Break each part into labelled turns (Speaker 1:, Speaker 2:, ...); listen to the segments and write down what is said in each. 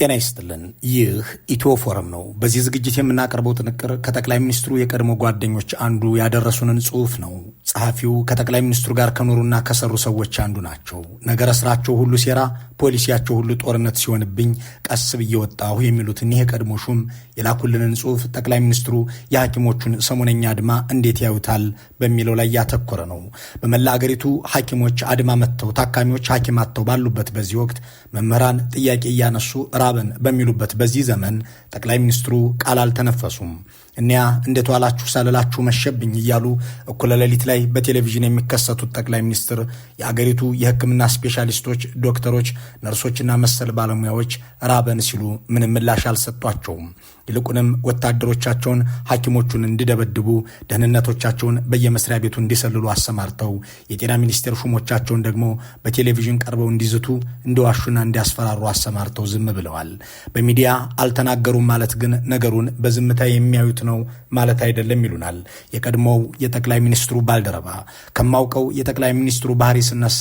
Speaker 1: ጤና ይስጥልን። ይህ ኢትዮ ፎረም ነው። በዚህ ዝግጅት የምናቀርበው ጥንቅር ከጠቅላይ ሚኒስትሩ የቀድሞ ጓደኞች አንዱ ያደረሱንን ጽሑፍ ነው። ጸሐፊው ከጠቅላይ ሚኒስትሩ ጋር ከኖሩና ከሰሩ ሰዎች አንዱ ናቸው። ነገረ ስራቸው ሁሉ ሴራ፣ ፖሊሲያቸው ሁሉ ጦርነት ሲሆንብኝ ቀስ ብዬ ወጣሁ የሚሉት እኒህ የቀድሞ ሹም የላኩልንን ጽሑፍ ጠቅላይ ሚኒስትሩ የሐኪሞቹን ሰሞነኛ አድማ እንዴት ያዩታል በሚለው ላይ ያተኮረ ነው። በመላ አገሪቱ ሐኪሞች አድማ መጥተው ታካሚዎች ሐኪም አጥተው ባሉበት በዚህ ወቅት መምህራን ጥያቄ እያነሱ አብን በሚሉበት በዚህ ዘመን ጠቅላይ ሚኒስትሩ ቃል አልተነፈሱም። እኒያ እንዴት ዋላችሁ ሳልላችሁ መሸብኝ እያሉ እኩለ ሌሊት ላይ በቴሌቪዥን የሚከሰቱት ጠቅላይ ሚኒስትር የአገሪቱ የሕክምና ስፔሻሊስቶች፣ ዶክተሮች፣ ነርሶችና መሰል ባለሙያዎች ራበን ሲሉ ምንም ምላሽ አልሰጧቸውም። ይልቁንም ወታደሮቻቸውን ሐኪሞቹን እንዲደበድቡ ደህንነቶቻቸውን በየመስሪያ ቤቱ እንዲሰልሉ አሰማርተው የጤና ሚኒስቴር ሹሞቻቸውን ደግሞ በቴሌቪዥን ቀርበው እንዲዝቱ እንዲዋሹና እንዲያስፈራሩ አሰማርተው ዝም ብለዋል። በሚዲያ አልተናገሩም ማለት ግን ነገሩን በዝምታ የሚያዩት ነው ማለት አይደለም ይሉናል የቀድሞው የጠቅላይ ሚኒስትሩ ባልደረባ። ከማውቀው የጠቅላይ ሚኒስትሩ ባህሪ ስነሳ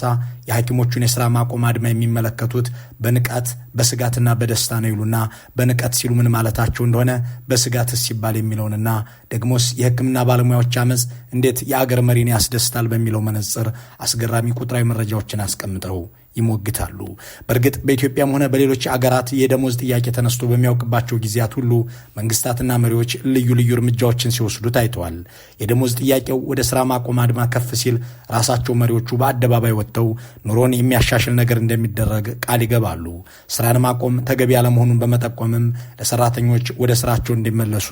Speaker 1: የሐኪሞቹን የስራ ማቆም አድማ የሚመለከቱት በንቃት በስጋትና በደስታ ነው ይሉና በንቀት ሲሉ ምን ማለታቸው እንደሆነ በስጋትስ ሲባል የሚለውንና ደግሞስ የሕክምና ባለሙያዎች አመፅ እንዴት የአገር መሪን ያስደስታል በሚለው መነጽር አስገራሚ ቁጥራዊ መረጃዎችን አስቀምጠው ይሞግታሉ። በእርግጥ በኢትዮጵያም ሆነ በሌሎች አገራት የደሞዝ ጥያቄ ተነስቶ በሚያውቅባቸው ጊዜያት ሁሉ መንግስታትና መሪዎች ልዩ ልዩ እርምጃዎችን ሲወስዱ ታይተዋል። የደሞዝ ጥያቄው ወደ ስራ ማቆም አድማ ከፍ ሲል ራሳቸው መሪዎቹ በአደባባይ ወጥተው ኑሮን የሚያሻሽል ነገር እንደሚደረግ ቃል ይገባሉ። ስራን ማቆም ተገቢ ያለመሆኑን በመጠቆምም ለሰራተኞች ወደ ስራቸው እንዲመለሱ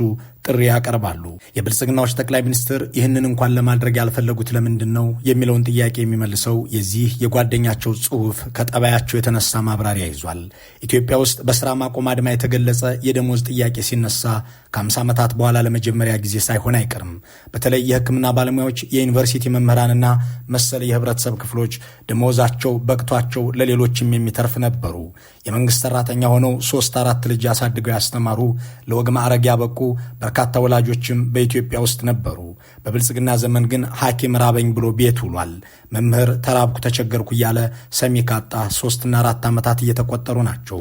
Speaker 1: ጥሪ ያቀርባሉ። የብልጽግናዎች ጠቅላይ ሚኒስትር ይህንን እንኳን ለማድረግ ያልፈለጉት ለምንድን ነው የሚለውን ጥያቄ የሚመልሰው የዚህ የጓደኛቸው ጽሑፍ ጽሑፍ ከጠባያቸው የተነሳ ማብራሪያ ይዟል። ኢትዮጵያ ውስጥ በሥራ ማቆም አድማ የተገለጸ የደሞዝ ጥያቄ ሲነሳ ከ50 ዓመታት በኋላ ለመጀመሪያ ጊዜ ሳይሆን አይቀርም። በተለይ የሕክምና ባለሙያዎች፣ የዩኒቨርሲቲ መምህራንና መሰል የህብረተሰብ ክፍሎች ደሞዛቸው በቅቷቸው ለሌሎችም የሚተርፍ ነበሩ። የመንግሥት ሠራተኛ ሆነው ሦስት አራት ልጅ አሳድገው ያስተማሩ፣ ለወግ ማዕረግ ያበቁ በርካታ ወላጆችም በኢትዮጵያ ውስጥ ነበሩ። በብልጽግና ዘመን ግን ሐኪም ራበኝ ብሎ ቤት ውሏል። መምህር ተራብኩ ተቸገርኩ እያለ ሰሚ ካጣ ሶስትና አራት ዓመታት እየተቆጠሩ ናቸው።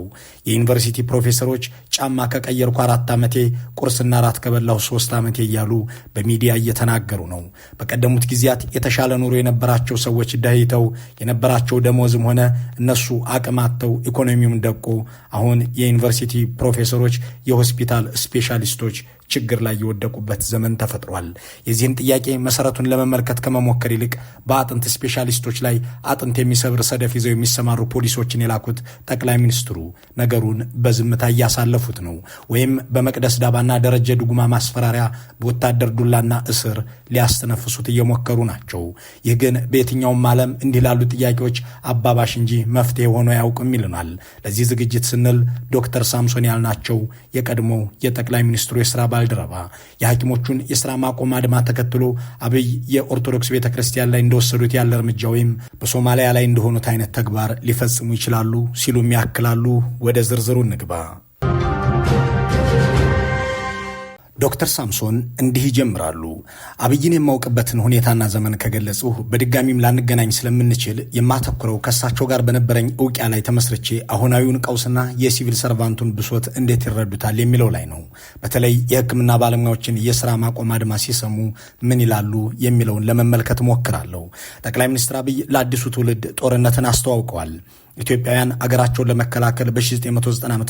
Speaker 1: የዩኒቨርሲቲ ፕሮፌሰሮች ጫማ ከቀየርኩ አራት ዓመቴ፣ ቁርስና አራት ከበላሁ ሶስት ዓመቴ እያሉ በሚዲያ እየተናገሩ ነው። በቀደሙት ጊዜያት የተሻለ ኑሮ የነበራቸው ሰዎች ደህይተው የነበራቸው ደሞዝም ሆነ እነሱ አቅም አጥተው ኢኮኖሚውም ደቆ አሁን የዩኒቨርሲቲ ፕሮፌሰሮች የሆስፒታል ስፔሻሊስቶች ችግር ላይ የወደቁበት ዘመን ተፈጥሯል። የዚህን ጥያቄ መሰረቱን ለመመልከት ከመሞከር ይልቅ በአጥንት ስፔሻሊስቶች ላይ አጥንት የሚሰብር ሰደፍ ይዘው የሚሰማሩ ፖሊሶችን የላኩት ጠቅላይ ሚኒስትሩ ነገሩን በዝምታ እያሳለፉት ነው፣ ወይም በመቅደስ ዳባና ደረጀ ድጉማ ማስፈራሪያ በወታደር ዱላና እስር ሊያስተነፍሱት እየሞከሩ ናቸው። ይህ ግን በየትኛውም ዓለም እንዲህ ላሉ ጥያቄዎች አባባሽ እንጂ መፍትሄ ሆኖ አያውቅም ይልናል። ለዚህ ዝግጅት ስንል ዶክተር ሳምሶን ያልናቸው የቀድሞ የጠቅላይ ሚኒስትሩ የስራ ባልደረባ የሐኪሞቹን የሥራ ማቆም አድማ ተከትሎ አብይ የኦርቶዶክስ ቤተ ክርስቲያን ላይ እንደወሰዱት ያለ እርምጃ ወይም በሶማሊያ ላይ እንደሆኑት አይነት ተግባር ሊፈጽሙ ይችላሉ ሲሉም ያክላሉ። ወደ ዝርዝሩ እንግባ። ዶክተር ሳምሶን እንዲህ ይጀምራሉ። አብይን የማውቅበትን ሁኔታና ዘመን ከገለጽሁ በድጋሚም ላንገናኝ ስለምንችል የማተኩረው ከእሳቸው ጋር በነበረኝ እውቂያ ላይ ተመስርቼ አሁናዊውን ቀውስና የሲቪል ሰርቫንቱን ብሶት እንዴት ይረዱታል የሚለው ላይ ነው። በተለይ የሕክምና ባለሙያዎችን የስራ ማቆም አድማ ሲሰሙ ምን ይላሉ የሚለውን ለመመልከት ሞክራለሁ። ጠቅላይ ሚኒስትር አብይ ለአዲሱ ትውልድ ጦርነትን አስተዋውቀዋል። ኢትዮጵያውያን አገራቸውን ለመከላከል በ1990 ዓ ም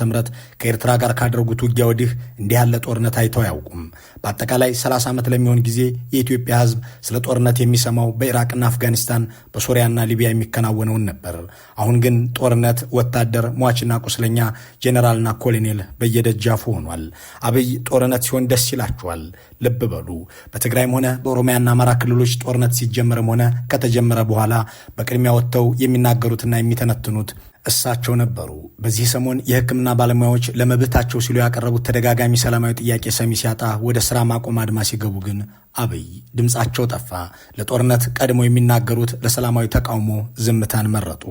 Speaker 1: ከኤርትራ ጋር ካደረጉት ውጊያ ወዲህ እንዲህ ያለ ጦርነት አይተው አያውቁም። በአጠቃላይ 30 ዓመት ለሚሆን ጊዜ የኢትዮጵያ ሕዝብ ስለ ጦርነት የሚሰማው በኢራቅና አፍጋኒስታን፣ በሶሪያና ሊቢያ የሚከናወነውን ነበር። አሁን ግን ጦርነት፣ ወታደር፣ ሟችና ቁስለኛ፣ ጄኔራልና ኮሎኔል በየደጃፉ ሆኗል። አብይ ጦርነት ሲሆን ደስ ይላችኋል። ልብ በሉ። በትግራይም ሆነ በኦሮሚያና አማራ ክልሎች ጦርነት ሲጀመርም ሆነ ከተጀመረ በኋላ በቅድሚያ ወጥተው የሚናገሩትና የሚተነትኑት እሳቸው ነበሩ። በዚህ ሰሞን የሕክምና ባለሙያዎች ለመብታቸው ሲሉ ያቀረቡት ተደጋጋሚ ሰላማዊ ጥያቄ ሰሚ ሲያጣ ወደ ስራ ማቆም አድማ ሲገቡ ግን አብይ ድምፃቸው ጠፋ። ለጦርነት ቀድሞ የሚናገሩት ለሰላማዊ ተቃውሞ ዝምታን መረጡ።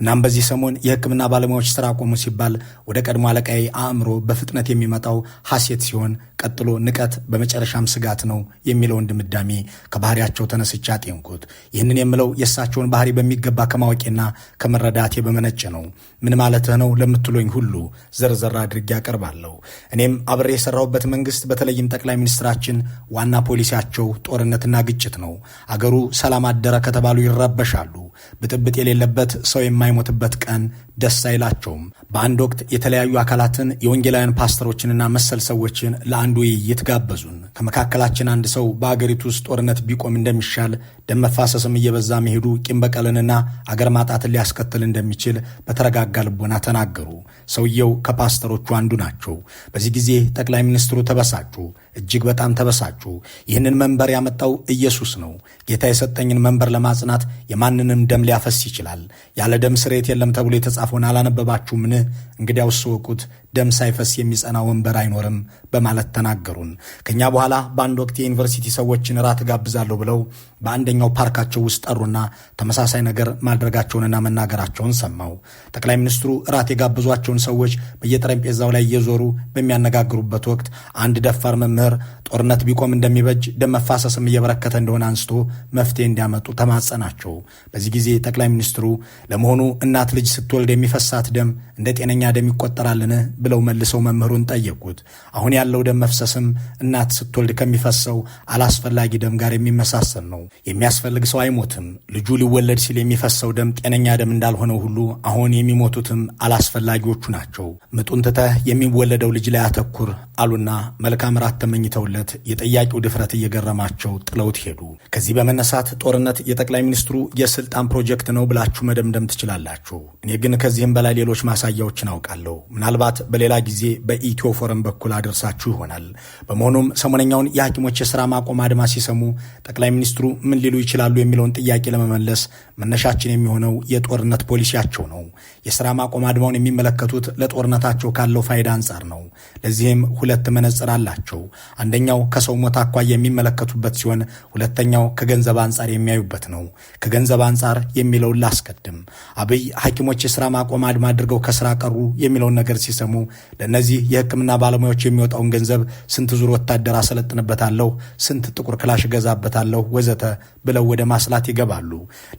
Speaker 1: እናም በዚህ ሰሞን የሕክምና ባለሙያዎች ስራ አቆሙ ሲባል ወደ ቀድሞ አለቃዬ አእምሮ በፍጥነት የሚመጣው ሐሴት ሲሆን ቀጥሎ ንቀት፣ በመጨረሻም ስጋት ነው የሚለውን ድምዳሜ ከባህሪያቸው ተነስቻ አጤንኩት። ይህንን የምለው የእሳቸውን ባህሪ በሚገባ ከማወቄና ከመረዳቴ በመነጭ ነው። ነው። ምን ማለትህ ነው ለምትሉኝ ሁሉ ዘርዘር አድርጌ ያቀርባለሁ። እኔም አብሬ የሰራሁበት መንግስት በተለይም ጠቅላይ ሚኒስትራችን ዋና ፖሊሲያቸው ጦርነትና ግጭት ነው። አገሩ ሰላም አደረ ከተባሉ ይረበሻሉ። ብጥብጥ የሌለበት ሰው የማይሞትበት ቀን ደስ አይላቸውም። በአንድ ወቅት የተለያዩ አካላትን የወንጌላውያን ፓስተሮችንና መሰል ሰዎችን ለአንድ ውይይት ጋበዙን። ከመካከላችን አንድ ሰው በአገሪቱ ውስጥ ጦርነት ቢቆም እንደሚሻል፣ ደም መፋሰስም እየበዛ መሄዱ ቂም በቀልንና አገር ማጣትን ሊያስከትል እንደሚችል በተረጋጋ ልቦና ተናገሩ። ሰውየው ከፓስተሮቹ አንዱ ናቸው። በዚህ ጊዜ ጠቅላይ ሚኒስትሩ ተበሳጩ፣ እጅግ በጣም ተበሳጩ። ይህንን መንበር ያመጣው ኢየሱስ ነው። ጌታ የሰጠኝን መንበር ለማጽናት የማንንም ደም ሊያፈስ ይችላል። ያለ ደም ስርየት የለም ተብሎ የተጻፈውን አላነበባችሁምን? እንግዲያውስ ወቁት ደም ሳይፈስ የሚጸና ወንበር አይኖርም በማለት ተናገሩን። ከኛ በኋላ በአንድ ወቅት የዩኒቨርሲቲ ሰዎችን ራት ጋብዛለሁ ብለው በአንደኛው ፓርካቸው ውስጥ ጠሩና ተመሳሳይ ነገር ማድረጋቸውንና መናገራቸውን ሰማው። ጠቅላይ ሚኒስትሩ ራት የጋብዟቸውን ሰዎች በየጠረጴዛው ላይ እየዞሩ በሚያነጋግሩበት ወቅት አንድ ደፋር መምህር ጦርነት ቢቆም እንደሚበጅ ደም መፋሰስም እየበረከተ እንደሆነ አንስቶ መፍትሄ እንዲያመጡ ተማጸናቸው። በዚህ ጊዜ ጠቅላይ ሚኒስትሩ ለመሆኑ እናት ልጅ ስትወልድ የሚፈሳት ደም እንደ ጤነኛ ደም ይቆጠራልን? ብለው መልሰው መምህሩን ጠየቁት። አሁን ያለው ደም መፍሰስም እናት ስትወልድ ከሚፈሰው አላስፈላጊ ደም ጋር የሚመሳሰል ነው። የሚያስፈልግ ሰው አይሞትም። ልጁ ሊወለድ ሲል የሚፈሰው ደም ጤነኛ ደም እንዳልሆነው ሁሉ አሁን የሚሞቱትም አላስፈላጊዎቹ ናቸው። ምጡን ትተህ የሚወለደው ልጅ ላይ አተኩር አሉና መልካም ራት ተመኝተውለት የጠያቂው ድፍረት እየገረማቸው ጥለውት ሄዱ። ከዚህ በመነሳት ጦርነት የጠቅላይ ሚኒስትሩ የስልጣን ፕሮጀክት ነው ብላችሁ መደምደም ትችላላችሁ። እኔ ግን ከዚህም በላይ ሌሎች ማሳያዎችን አውቃለሁ። ምናልባት በሌላ ጊዜ በኢትዮ ፎረም በኩል አደርሳችሁ ይሆናል። በመሆኑም ሰሞነኛውን የሐኪሞች የሥራ ማቆም አድማ ሲሰሙ ጠቅላይ ሚኒስትሩ ምን ሊሉ ይችላሉ የሚለውን ጥያቄ ለመመለስ መነሻችን የሚሆነው የጦርነት ፖሊሲያቸው ነው። የሥራ ማቆም አድማውን የሚመለከቱት ለጦርነታቸው ካለው ፋይዳ አንጻር ነው። ለዚህም ሁለት መነጽር አላቸው። አንደኛው ከሰው ሞት አኳያ የሚመለከቱበት ሲሆን ሁለተኛው ከገንዘብ አንጻር የሚያዩበት ነው። ከገንዘብ አንጻር የሚለውን ላስቀድም። አብይ ሐኪሞች የሥራ ማቆም አድማ አድርገው ከስራ ቀሩ የሚለውን ነገር ሲሰሙ ለእነዚህ የህክምና ባለሙያዎች የሚወጣውን ገንዘብ ስንት ዙር ወታደር አሰለጥንበታለሁ፣ ስንት ጥቁር ክላሽ እገዛበታለሁ፣ ወዘተ ብለው ወደ ማስላት ይገባሉ።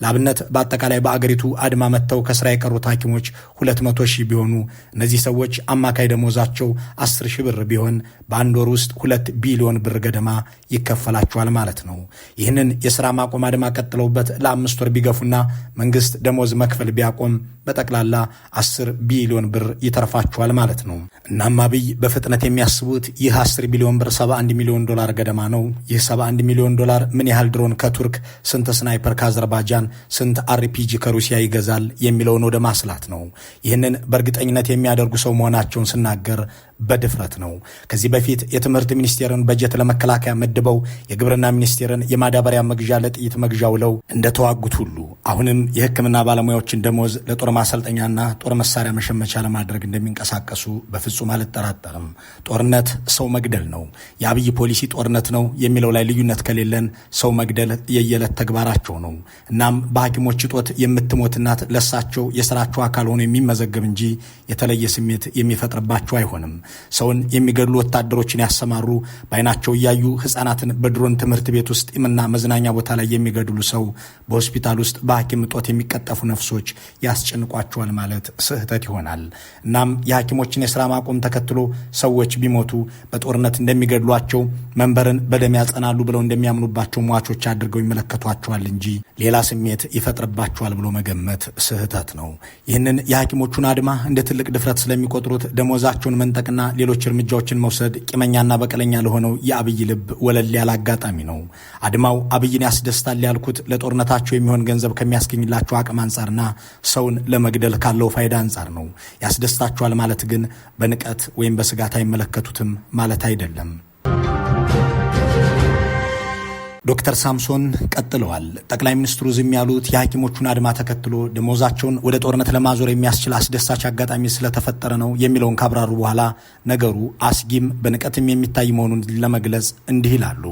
Speaker 1: ለአብነት በአጠቃላይ በአገሪቱ አድማ መጥተው ከስራ የቀሩት ሐኪሞች ሁለት መቶ ሺህ ቢሆኑ እነዚህ ሰዎች አማካይ ደሞዛቸው 10 ሺህ ብር ቢሆን በአንድ ወር ውስጥ ሁለት ቢሊዮን ብር ገደማ ይከፈላቸዋል ማለት ነው። ይህንን የስራ ማቆም አድማ ቀጥለውበት ለአምስት ወር ቢገፉና መንግስት ደሞዝ መክፈል ቢያቆም በጠቅላላ አስር ቢሊዮን ብር ይተርፋቸዋል ማለት ነው። ማለት ነው። እናም አብይ በፍጥነት የሚያስቡት ይህ 10 ቢሊዮን ብር 71 ሚሊዮን ዶላር ገደማ ነው። ይህ 71 ሚሊዮን ዶላር ምን ያህል ድሮን ከቱርክ፣ ስንት ስናይፐር ከአዘርባይጃን፣ ስንት አርፒጂ ከሩሲያ ይገዛል የሚለውን ወደ ማስላት ነው። ይህንን በእርግጠኝነት የሚያደርጉ ሰው መሆናቸውን ስናገር በድፍረት ነው። ከዚህ በፊት የትምህርት ሚኒስቴርን በጀት ለመከላከያ መድበው የግብርና ሚኒስቴርን የማዳበሪያ መግዣ ለጥይት መግዣ ውለው እንደተዋጉት ሁሉ አሁንም የሕክምና ባለሙያዎችን ደሞዝ ለጦር ማሰልጠኛና ጦር መሳሪያ መሸመቻ ለማድረግ እንደሚንቀሳቀሱ በፍጹም አልጠራጠርም። ጦርነት ሰው መግደል ነው። የአብይ ፖሊሲ ጦርነት ነው የሚለው ላይ ልዩነት ከሌለን ሰው መግደል የየዕለት ተግባራቸው ነው። እናም በሐኪሞች እጦት የምትሞት እናት ለሳቸው የስራቸው አካል ሆኖ የሚመዘገብ እንጂ የተለየ ስሜት የሚፈጥርባቸው አይሆንም። ሰውን የሚገድሉ ወታደሮችን ያሰማሩ፣ በአይናቸው እያዩ ህጻናትን በድሮን ትምህርት ቤት ውስጥ ጢምና መዝናኛ ቦታ ላይ የሚገድሉ ሰው፣ በሆስፒታል ውስጥ በሐኪም እጦት የሚቀጠፉ ነፍሶች ያስጨንቋቸዋል ማለት ስህተት ይሆናል። እናም የሐኪሞችን የሥራ ማቆም ተከትሎ ሰዎች ቢሞቱ በጦርነት እንደሚገድሏቸው መንበርን በደም ያጸናሉ ብለው እንደሚያምኑባቸው ሟቾች አድርገው ይመለከቷቸዋል እንጂ ሌላ ስሜት ይፈጥርባቸዋል ብሎ መገመት ስህተት ነው። ይህንን የሐኪሞቹን አድማ እንደ ትልቅ ድፍረት ስለሚቆጥሩት ደሞዛቸውን መንጠቅና ማስወገድና ሌሎች እርምጃዎችን መውሰድ ቂመኛና በቀለኛ ለሆነው የአብይ ልብ ወለል ያለ አጋጣሚ ነው። አድማው አብይን ያስደስታል ያልኩት ለጦርነታቸው የሚሆን ገንዘብ ከሚያስገኝላቸው አቅም አንጻርና ሰውን ለመግደል ካለው ፋይዳ አንጻር ነው። ያስደስታቸዋል ማለት ግን በንቀት ወይም በስጋት አይመለከቱትም ማለት አይደለም። ዶክተር ሳምሶን ቀጥለዋል። ጠቅላይ ሚኒስትሩ ዝም ያሉት የሐኪሞቹን አድማ ተከትሎ ደሞዛቸውን ወደ ጦርነት ለማዞር የሚያስችል አስደሳች አጋጣሚ ስለተፈጠረ ነው የሚለውን ካብራሩ በኋላ ነገሩ አስጊም በንቀትም የሚታይ መሆኑን ለመግለጽ እንዲህ ይላሉ።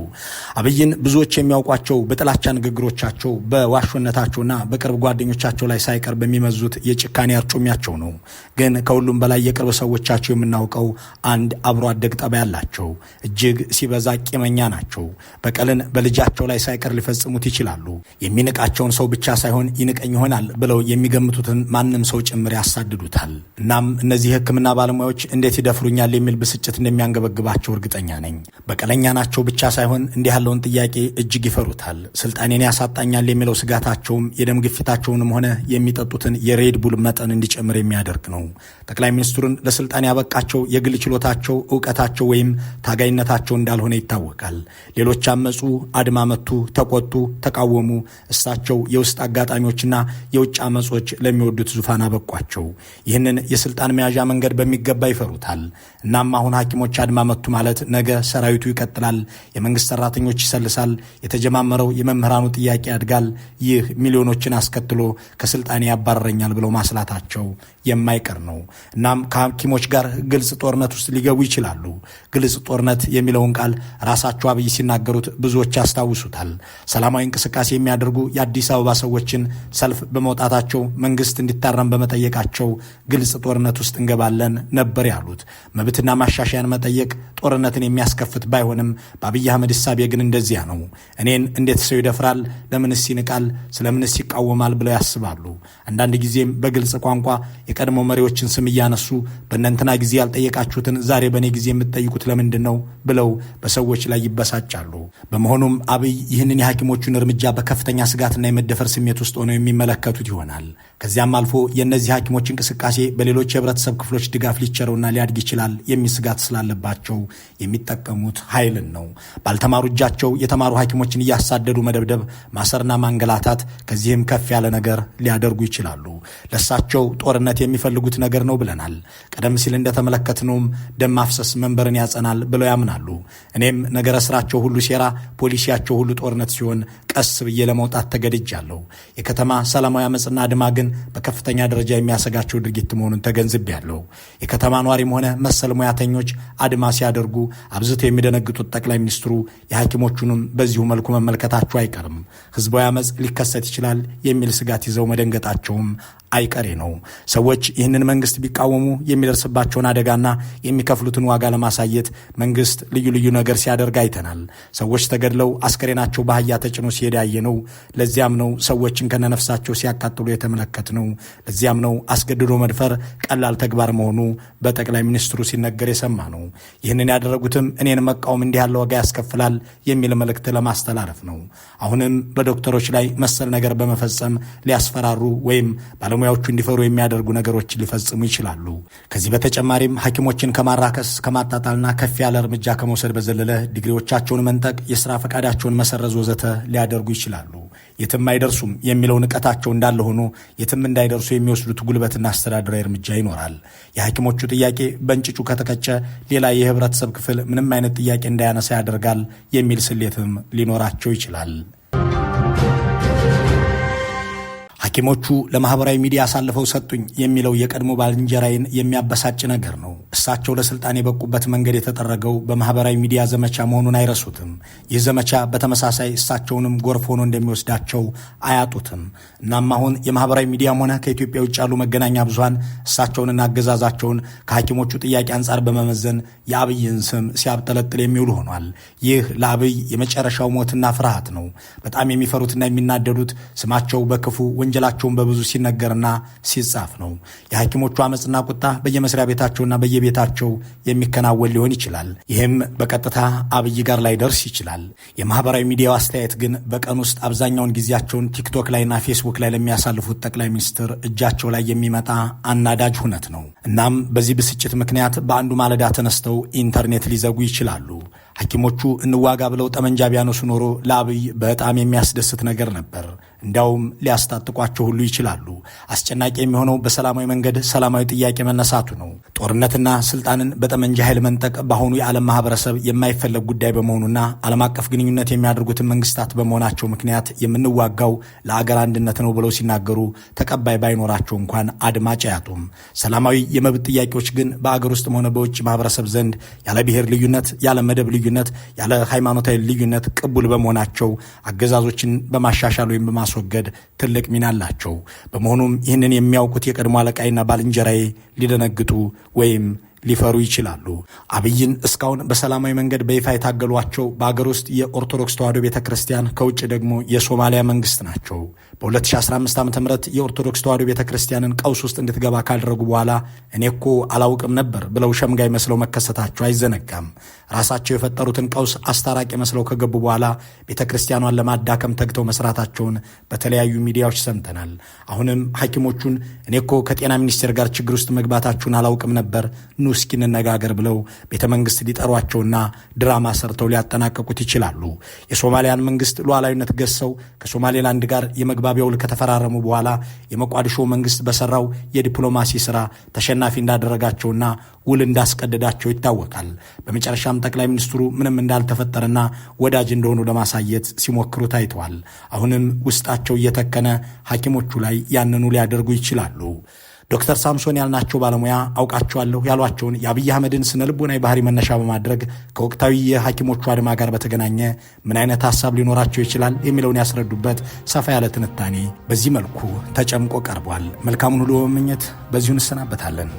Speaker 1: አብይን ብዙዎች የሚያውቋቸው በጥላቻ ንግግሮቻቸው፣ በዋሾነታቸውና በቅርብ ጓደኞቻቸው ላይ ሳይቀር በሚመዙት የጭካኔ አርጩሚያቸው ነው። ግን ከሁሉም በላይ የቅርብ ሰዎቻቸው የምናውቀው አንድ አብሮ አደግ ጠባይ ያላቸው እጅግ ሲበዛ ቂመኛ ናቸው። በቀልን በልጃ በራሳቸው ላይ ሳይቀር ሊፈጽሙት ይችላሉ። የሚንቃቸውን ሰው ብቻ ሳይሆን ይንቀኝ ይሆናል ብለው የሚገምቱትን ማንም ሰው ጭምር ያሳድዱታል። እናም እነዚህ የሕክምና ባለሙያዎች እንዴት ይደፍሩኛል የሚል ብስጭት እንደሚያንገበግባቸው እርግጠኛ ነኝ። በቀለኛ ናቸው ብቻ ሳይሆን እንዲህ ያለውን ጥያቄ እጅግ ይፈሩታል። ስልጣኔን ያሳጣኛል የሚለው ስጋታቸውም የደም ግፊታቸውንም ሆነ የሚጠጡትን የሬድቡል መጠን እንዲጨምር የሚያደርግ ነው። ጠቅላይ ሚኒስትሩን ለስልጣን ያበቃቸው የግል ችሎታቸው፣ እውቀታቸው ወይም ታጋይነታቸው እንዳልሆነ ይታወቃል። ሌሎች አመፁ አድማ መቱ፣ ተቆጡ፣ ተቃወሙ። እሳቸው የውስጥ አጋጣሚዎችና የውጭ አመጾች ለሚወዱት ዙፋን አበቋቸው። ይህንን የስልጣን መያዣ መንገድ በሚገባ ይፈሩታል። እናም አሁን ሐኪሞች አድማ መቱ ማለት ነገ ሰራዊቱ ይቀጥላል፣ የመንግስት ሰራተኞች ይሰልሳል፣ የተጀማመረው የመምህራኑ ጥያቄ ያድጋል፣ ይህ ሚሊዮኖችን አስከትሎ ከስልጣኔ ያባረረኛል ብለው ማስላታቸው የማይቀር ነው። እናም ከሐኪሞች ጋር ግልጽ ጦርነት ውስጥ ሊገቡ ይችላሉ። ግልጽ ጦርነት የሚለውን ቃል ራሳቸው አብይ ሲናገሩት ብዙዎች ያስታውሱታል። ሰላማዊ እንቅስቃሴ የሚያደርጉ የአዲስ አበባ ሰዎችን ሰልፍ በመውጣታቸው መንግስት እንዲታረም በመጠየቃቸው ግልጽ ጦርነት ውስጥ እንገባለን ነበር ያሉት። መብትና ማሻሻያን መጠየቅ ጦርነትን የሚያስከፍት ባይሆንም በአብይ አህመድ እሳቤ ግን እንደዚያ ነው። እኔን እንዴት ሰው ይደፍራል? ለምንስ ይንቃል? ስለምንስ ይቃወማል? ብለው ያስባሉ። አንዳንድ ጊዜም በግልጽ ቋንቋ የቀድሞ መሪዎችን ስም እያነሱ በእነንትና ጊዜ ያልጠየቃችሁትን ዛሬ በእኔ ጊዜ የምትጠይቁት ለምንድን ነው ብለው በሰዎች ላይ ይበሳጫሉ። በመሆኑም አብይ ይህንን የሐኪሞቹን እርምጃ በከፍተኛ ስጋትና የመደፈር ስሜት ውስጥ ሆነው የሚመለከቱት ይሆናል። ከዚያም አልፎ የእነዚህ ሐኪሞች እንቅስቃሴ በሌሎች የህብረተሰብ ክፍሎች ድጋፍ ሊቸረውና ሊያድግ ይችላል የሚል ስጋት ስላለባቸው የሚጠቀሙት ኃይልን ነው። ባልተማሩ እጃቸው የተማሩ ሐኪሞችን እያሳደዱ መደብደብ፣ ማሰርና ማንገላታት፣ ከዚህም ከፍ ያለ ነገር ሊያደርጉ ይችላሉ። ለእሳቸው ጦርነት የሚፈልጉት ነገር ነው ብለናል። ቀደም ሲል እንደተመለከትነውም ደም ማፍሰስ መንበርን ያጸናል ብለው ያምናሉ። እኔም ነገረ ስራቸው ሁሉ ሴራ፣ ፖሊሲያቸው ሁሉ ጦርነት ሲሆን ቀስ ብዬ ለመውጣት ተገድጃለሁ። የከተማ ሰላማዊ አመፅና ድማ ግን ግን በከፍተኛ ደረጃ የሚያሰጋቸው ድርጊት መሆኑን ተገንዝቤያለሁ። የከተማ ኗሪም ሆነ መሰል ሙያተኞች አድማ ሲያደርጉ አብዝተው የሚደነግጡት ጠቅላይ ሚኒስትሩ የሐኪሞቹንም በዚሁ መልኩ መመልከታቸው አይቀርም። ህዝባዊ አመፅ ሊከሰት ይችላል የሚል ስጋት ይዘው መደንገጣቸውም አይቀሬ ነው። ሰዎች ይህንን መንግስት ቢቃወሙ የሚደርስባቸውን አደጋና የሚከፍሉትን ዋጋ ለማሳየት መንግስት ልዩ ልዩ ነገር ሲያደርግ አይተናል። ሰዎች ተገድለው አስከሬናቸው በአህያ ተጭኖ ሲሄድ ነው። ለዚያም ነው ሰዎችን ከነነፍሳቸው ሲያቃጥሉ ነው። ለዚያም ነው አስገድዶ መድፈር ቀላል ተግባር መሆኑ በጠቅላይ ሚኒስትሩ ሲነገር የሰማ ነው። ይህንን ያደረጉትም እኔን መቃወም እንዲህ ያለ ዋጋ ያስከፍላል የሚል መልእክት ለማስተላለፍ ነው። አሁንም በዶክተሮች ላይ መሰል ነገር በመፈጸም ሊያስፈራሩ ወይም ባለ ባለሙያዎቹ እንዲፈሩ የሚያደርጉ ነገሮች ሊፈጽሙ ይችላሉ። ከዚህ በተጨማሪም ሐኪሞችን ከማራከስ ከማጣጣልና ከፍ ያለ እርምጃ ከመውሰድ በዘለለ ዲግሪዎቻቸውን መንጠቅ፣ የሥራ ፈቃዳቸውን መሰረዝ ወዘተ ሊያደርጉ ይችላሉ። የትም አይደርሱም የሚለው ንቀታቸው እንዳለ ሆኖ የትም እንዳይደርሱ የሚወስዱት ጉልበትና አስተዳደራዊ እርምጃ ይኖራል። የሐኪሞቹ ጥያቄ በእንጭጩ ከተቀጨ ሌላ የህብረተሰብ ክፍል ምንም አይነት ጥያቄ እንዳያነሳ ያደርጋል የሚል ስሌትም ሊኖራቸው ይችላል። ሐኪሞቹ ለማህበራዊ ሚዲያ አሳልፈው ሰጡኝ የሚለው የቀድሞ ባልንጀራዬን የሚያበሳጭ ነገር ነው። እሳቸው ለስልጣን የበቁበት መንገድ የተጠረገው በማህበራዊ ሚዲያ ዘመቻ መሆኑን አይረሱትም። ይህ ዘመቻ በተመሳሳይ እሳቸውንም ጎርፍ ሆኖ እንደሚወስዳቸው አያጡትም። እናም አሁን የማህበራዊ ሚዲያም ሆነ ከኢትዮጵያ ውጭ ያሉ መገናኛ ብዙሃን እሳቸውንና አገዛዛቸውን ከሐኪሞቹ ጥያቄ አንጻር በመመዘን የአብይን ስም ሲያብጠለጥል የሚውል ሆኗል። ይህ ለአብይ የመጨረሻው ሞትና ፍርሃት ነው። በጣም የሚፈሩትና የሚናደዱት ስማቸው በክፉ ወንጀላ መሆናቸውን በብዙ ሲነገርና ሲጻፍ ነው። የሐኪሞቹ አመፅና ቁጣ በየመስሪያ ቤታቸውና በየቤታቸው የሚከናወን ሊሆን ይችላል። ይህም በቀጥታ አብይ ጋር ላይ ደርስ ይችላል። የማህበራዊ ሚዲያው አስተያየት ግን በቀን ውስጥ አብዛኛውን ጊዜያቸውን ቲክቶክ ላይና ፌስቡክ ላይ ለሚያሳልፉት ጠቅላይ ሚኒስትር እጃቸው ላይ የሚመጣ አናዳጅ ሁነት ነው። እናም በዚህ ብስጭት ምክንያት በአንዱ ማለዳ ተነስተው ኢንተርኔት ሊዘጉ ይችላሉ። ሐኪሞቹ እንዋጋ ብለው ጠመንጃ ቢያነሱ ኖሮ ለአብይ በጣም የሚያስደስት ነገር ነበር። እንዲያውም ሊያስታጥቋቸው ሁሉ ይችላሉ። አስጨናቂ የሚሆነው በሰላማዊ መንገድ ሰላማዊ ጥያቄ መነሳቱ ነው። ጦርነትና ስልጣንን በጠመንጃ ኃይል መንጠቅ በአሁኑ የዓለም ማህበረሰብ የማይፈለግ ጉዳይ በመሆኑና ዓለም አቀፍ ግንኙነት የሚያደርጉትን መንግስታት በመሆናቸው ምክንያት የምንዋጋው ለአገር አንድነት ነው ብለው ሲናገሩ ተቀባይ ባይኖራቸው እንኳን አድማጭ አያጡም። ሰላማዊ የመብት ጥያቄዎች ግን በአገር ውስጥም ሆነ በውጭ ማህበረሰብ ዘንድ ያለ ብሔር ልዩነት፣ ያለ መደብ ልዩነት፣ ያለ ሃይማኖታዊ ልዩነት ቅቡል በመሆናቸው አገዛዞችን በማሻሻል ወይም በማስወገድ ትልቅ ሚና አላቸው። በመሆኑ በመሆኑም ይህንን የሚያውቁት የቀድሞ አለቃይና ባልንጀራዬ ሊደነግጡ ወይም ሊፈሩ ይችላሉ። አብይን እስካሁን በሰላማዊ መንገድ በይፋ የታገሏቸው በአገር ውስጥ የኦርቶዶክስ ተዋሕዶ ቤተ ክርስቲያን፣ ከውጭ ደግሞ የሶማሊያ መንግስት ናቸው። በ2015 ዓ ም የኦርቶዶክስ ተዋሕዶ ቤተ ክርስቲያንን ቀውስ ውስጥ እንድትገባ ካደረጉ በኋላ እኔ እኮ አላውቅም ነበር ብለው ሸምጋይ መስለው መከሰታቸው አይዘነጋም። ራሳቸው የፈጠሩትን ቀውስ አስታራቂ መስለው ከገቡ በኋላ ቤተ ክርስቲያኗን ለማዳከም ተግተው መስራታቸውን በተለያዩ ሚዲያዎች ሰምተናል። አሁንም ሐኪሞቹን እኔ እኮ ከጤና ሚኒስቴር ጋር ችግር ውስጥ መግባታችሁን አላውቅም ነበር ኑ እስኪ እንነጋገር ብለው ቤተ መንግስት ሊጠሯቸውና ድራማ ሰርተው ሊያጠናቀቁት ይችላሉ። የሶማሊያን መንግስት ሉዓላዊነት ገሰው ከሶማሌላንድ ጋር የመግባቢያ ውል ከተፈራረሙ በኋላ የመቋድሾ መንግስት በሰራው የዲፕሎማሲ ስራ ተሸናፊ እንዳደረጋቸውና ውል እንዳስቀደዳቸው ይታወቃል። በመጨረሻም ጠቅላይ ሚኒስትሩ ምንም እንዳልተፈጠረና ወዳጅ እንደሆኑ ለማሳየት ሲሞክሩ ታይተዋል። አሁንም ውስጣቸው እየተከነ ሐኪሞቹ ላይ ያንኑ ሊያደርጉ ይችላሉ። ዶክተር ሳምሶን ያልናቸው ባለሙያ አውቃቸዋለሁ ያሏቸውን የአብይ አህመድን ስነ ልቦናዊ ባህሪ መነሻ በማድረግ ከወቅታዊ የሐኪሞቹ አድማ ጋር በተገናኘ ምን አይነት ሀሳብ ሊኖራቸው ይችላል የሚለውን ያስረዱበት ሰፋ ያለ ትንታኔ በዚህ መልኩ ተጨምቆ ቀርቧል። መልካሙን ሁሉ በመመኘት በዚሁ እንሰናበታለን።